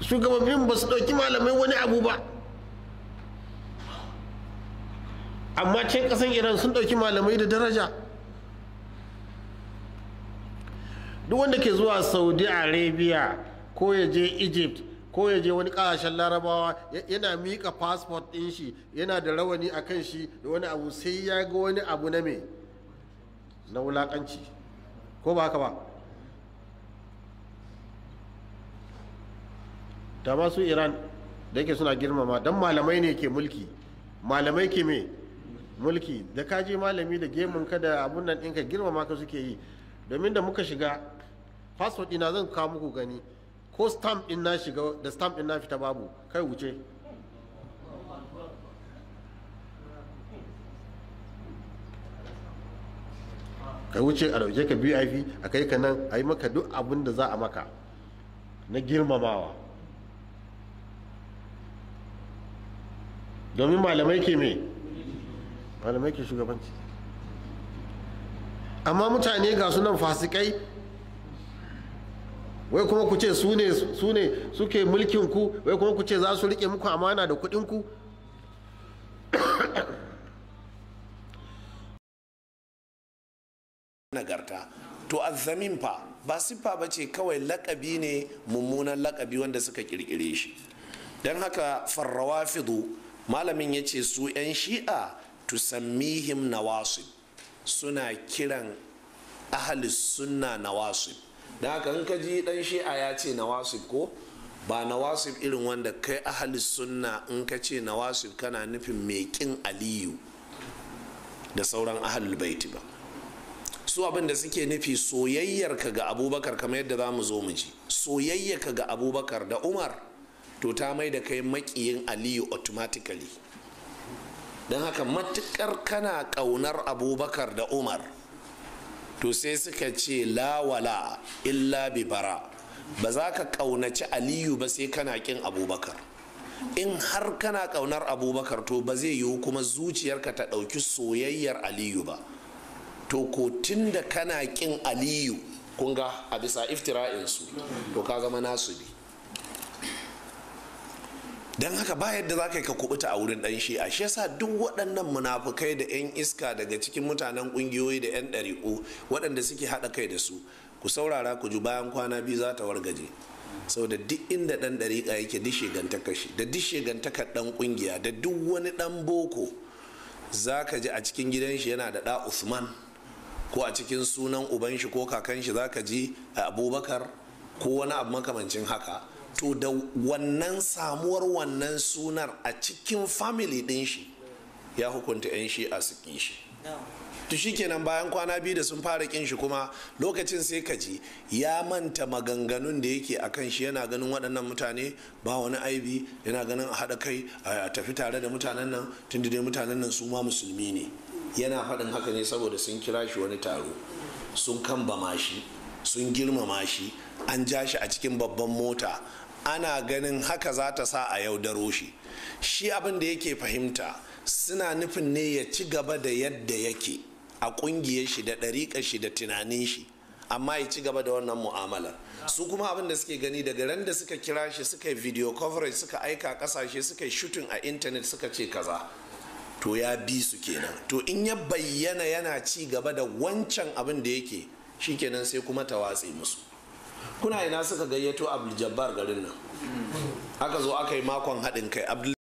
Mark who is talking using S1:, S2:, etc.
S1: shugabannin ba su ɗauki malamai wani abu ba amma can ƙasan iran sun ɗauki malamai da daraja duk wanda ke zuwa saudi arabia ko ya je egypt ko ya je wani ƙasashen larabawa yana mika fasfot ɗin shi yana da rawani a kan shi da wani abu sai ya ga wani abu na me na wulaƙanci ko ba haka ba ta su iran da yake suna girmama don malamai ne ke mulki malamai ke me mulki da kaji malami da gemun ka da abun nan ɗinka girmama ka suke yi domin da muka shiga fasfo ɗina zan kawo muku gani ko stamp ɗin na shiga da stamp ɗin na fita babu kai wuce kai wuce a dauke ka biyu aifi a kai ka nan a yi maka duk abin da za a maka na girmamawa domin malamai ke me malamai ke shugabanci amma mutane ga sunan fasikai wai kuma ku ce su ne su ke suke mulkin ku wai kuma ku ce za su rike muku amana da kuɗin ku
S2: nagarta to azamin fa ba siffa ba ce kawai lakabi ne mummunan lakabi wanda suka kirkire shi don haka farrawa fido malamin ya ce su 'yan shi'a tusammihim nawasib suna kiran ahalis sunna nawasib da haka in kaji ji dan shi'a ya ce nawasib ko ba nawasib irin wanda kai ahalis sunna in ka ce nawasib kana nufin mekin aliyu da sauran ahalul baiti ba su abin da suke nufi soyayyar ka ga abubakar kamar yadda za mu zo mu ji soyayyar ka ga abubakar da umar to ta mai da kai makiyin aliyu automatically don haka matukar kana kaunar abubakar da umar to sai suka ce lawala illa bi bara ba za ka ƙaunaci aliyu ba sai kana kin abubakar in har kana kaunar abubakar to ba zai yiwu kuma zuciyarka ta ɗauki soyayyar aliyu ba to ko tun da kana kin aliyu kunga a bisa iftira'insu to ka zama nasu bi don haka ba yadda za ka yi ka kubuta a wurin dan shi'a shi yasa duk waɗannan munafukai da 'yan iska daga cikin mutanen ƙungiyoyi da 'yan ɗari'u waɗanda suke haɗa kai da su ku saurara ku ji bayan kwana biyu za ta wargaje sau da duk inda ɗan ɗariƙa yake duk shigantaka shi da duk ɗan ƙungiya da duk wani ɗan boko za ka ji a cikin gidan shi yana da ɗa usman ko a cikin sunan uban shi ko kakan shi za ka ji abubakar ko wani abu makamancin haka to da wannan samuwar wannan sunar a cikin family din shi ya hukunta 'yan shi a suki shi to shikenan bayan kwana biyu da sun fara kin shi kuma lokacin sai ka ji ya manta maganganun da yake a kan shi yana ganin waɗannan mutane ba wani aibi yana ganin a haɗa kai a tafi tare da mutanen nan tun dai mutanen nan su ma musulmi ne yana faɗin haka ne saboda sun kira shi wani taro sun kan shi sun girmama shi an ja shi a cikin babban mota ana ganin haka za ta sa a yau yaudaro shi shi abin da yake fahimta suna nufin ne ya ci gaba da yadda yake a kungiyar shi da ɗariƙar shi da tunanin shi amma ya ci gaba da wannan mu'amalar su kuma abin da suke gani daga ran da suka kira shi suka yi video coverage suka aika kasashe suka yi shooting a intanet suka ce kaza to ya bi su kenan to in ya bayyana yana ci gaba da wancan abin da yake shikenan sai kuma ta watse musu kuna ina suka gayyato abdul jabbar garin nan aka zo aka yi makon haɗin kai